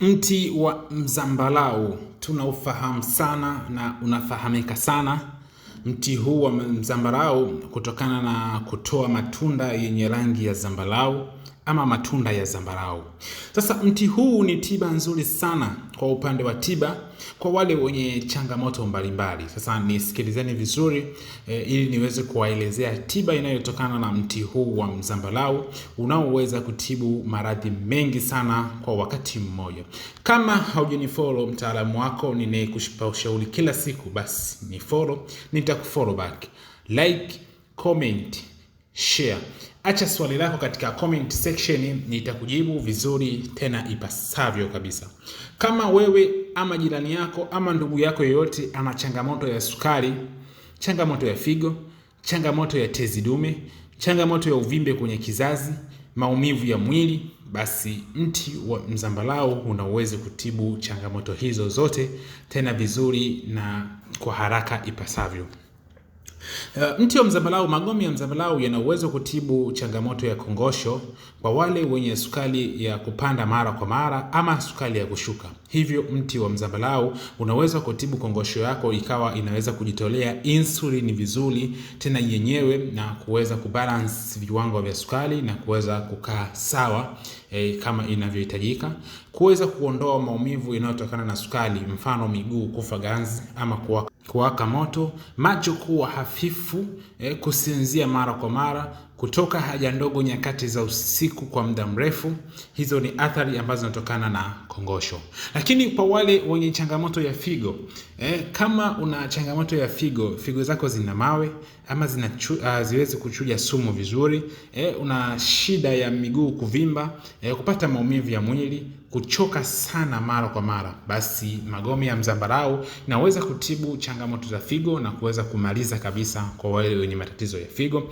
Mti wa mzambalau tunaufahamu sana na unafahamika sana. Mti huu wa mzambarau kutokana na kutoa matunda yenye rangi ya zambarau ama matunda ya zambarau. Sasa mti huu ni tiba nzuri sana kwa upande wa tiba kwa wale wenye changamoto mbalimbali. Sasa nisikilizeni vizuri e, ili niweze kuwaelezea tiba inayotokana na mti huu wa mzambarau unaoweza kutibu maradhi mengi sana kwa wakati mmoja. Kama haujanifollow mtaalamu wako ninayekupa ushauri kila siku, basi nifollow, nitakufollow back. Like, comment share. Acha swali lako katika comment section, nitakujibu vizuri tena ipasavyo kabisa. Kama wewe ama jirani yako ama ndugu yako yeyote ana changamoto ya sukari, changamoto ya figo, changamoto ya tezi dume, changamoto ya uvimbe kwenye kizazi, maumivu ya mwili, basi mti wa mzambalau una uwezo kutibu changamoto hizo zote tena vizuri na kwa haraka ipasavyo. Uh, mti wa mzambalau magome ya mzambalau yana uwezo kutibu changamoto ya kongosho kwa wale wenye sukari ya kupanda mara kwa mara ama sukari ya kushuka. Hivyo mti wa mzambalau unaweza kutibu kongosho yako ikawa inaweza kujitolea insulin vizuri tena yenyewe na kuweza kubalance viwango vya sukari na kuweza kukaa sawa eh, kama inavyohitajika, kuweza kuondoa maumivu yanayotokana na sukari, mfano miguu kufa ganzi ama kuwaka kuwaka moto, macho kuwa hafifu, eh, kusinzia mara kwa mara, kutoka haja ndogo nyakati za usiku kwa muda mrefu. Hizo ni athari ambazo zinatokana na kongosho. Lakini kwa wale wenye changamoto ya figo eh, kama una changamoto ya figo, figo zako zina mawe ama ah, ziwezi kuchuja sumu vizuri eh, una shida ya miguu kuvimba eh, kupata maumivu ya mwili, kuchoka sana mara kwa mara, basi magome ya mzambarau inaweza kutibu changamoto za figo na kuweza kumaliza kabisa kwa wale wenye matatizo ya figo.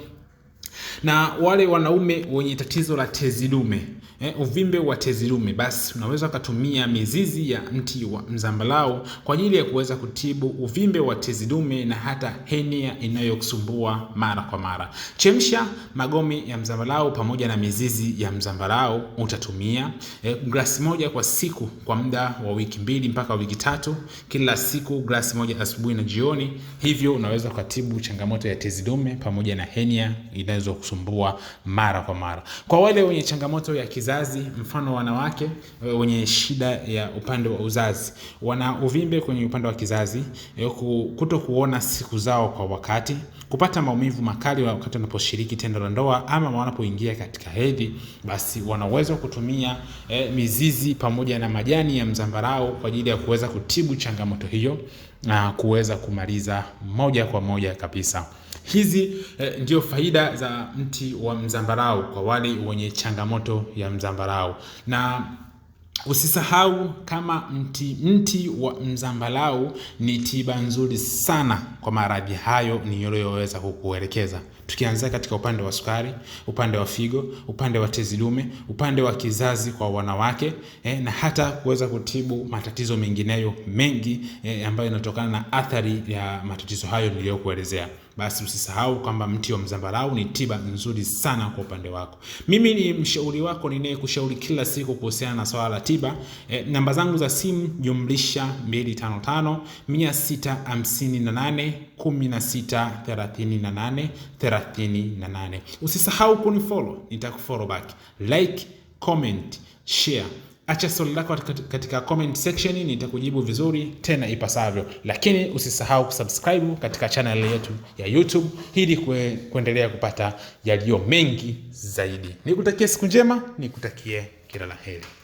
Na wale wanaume wenye tatizo la tezi dume eh, uvimbe wa tezi dume, basi unaweza ukatumia mizizi ya mti wa mzambarau kwa ajili ya kuweza kutibu uvimbe wa tezi dume na hata henia inayokusumbua mara kwa mara. Chemsha magome ya mzambarau pamoja na mizizi ya mzambarau, utatumia eh, glasi moja kwa siku kwa muda wa wiki mbili mpaka wiki tatu, kila siku glasi moja asubuhi na jioni. Hivyo unaweza kutibu changamoto ya tezi dume pamoja na henia inazo kusumbua mara kwa mara. Kwa wale wenye changamoto ya kizazi, mfano wanawake e, wenye shida ya upande wa uzazi, wana uvimbe kwenye upande wa kizazi, e, kuto kuona siku zao kwa wakati, kupata maumivu makali wakati wanaposhiriki tendo la ndoa ama wanapoingia katika hedhi, basi wanaweza kutumia e, mizizi pamoja na majani ya mzambarau kwa ajili ya kuweza kutibu changamoto hiyo na kuweza kumaliza moja kwa moja kabisa. Hizi eh, ndio faida za mti wa mzambarau kwa wale wenye changamoto ya mzambarau, na usisahau kama mti mti wa mzambarau ni tiba nzuri sana kwa maradhi hayo niliyoweza kukuelekeza, tukianzia katika upande wa sukari, upande wa figo, upande wa tezi dume, upande wa kizazi kwa wanawake eh, na hata kuweza kutibu matatizo mengineyo mengi eh, ambayo yanatokana na athari ya matatizo hayo niliyokuelezea basi usisahau kwamba mti wa mzambarau ni tiba nzuri sana kwa upande wako. Mimi ni mshauri wako ninayekushauri kila siku kuhusiana na swala la tiba. E, namba zangu za simu jumlisha 255 658 16 38 38. Usisahau kunifollow, nitakufollow back. Like, comment, share acha swali lako katika comment section, nitakujibu vizuri tena ipasavyo, lakini usisahau kusubscribe katika channel yetu ya YouTube ili kue, kuendelea kupata yaliyo mengi zaidi. Nikutakie siku njema, nikutakie kila la heri.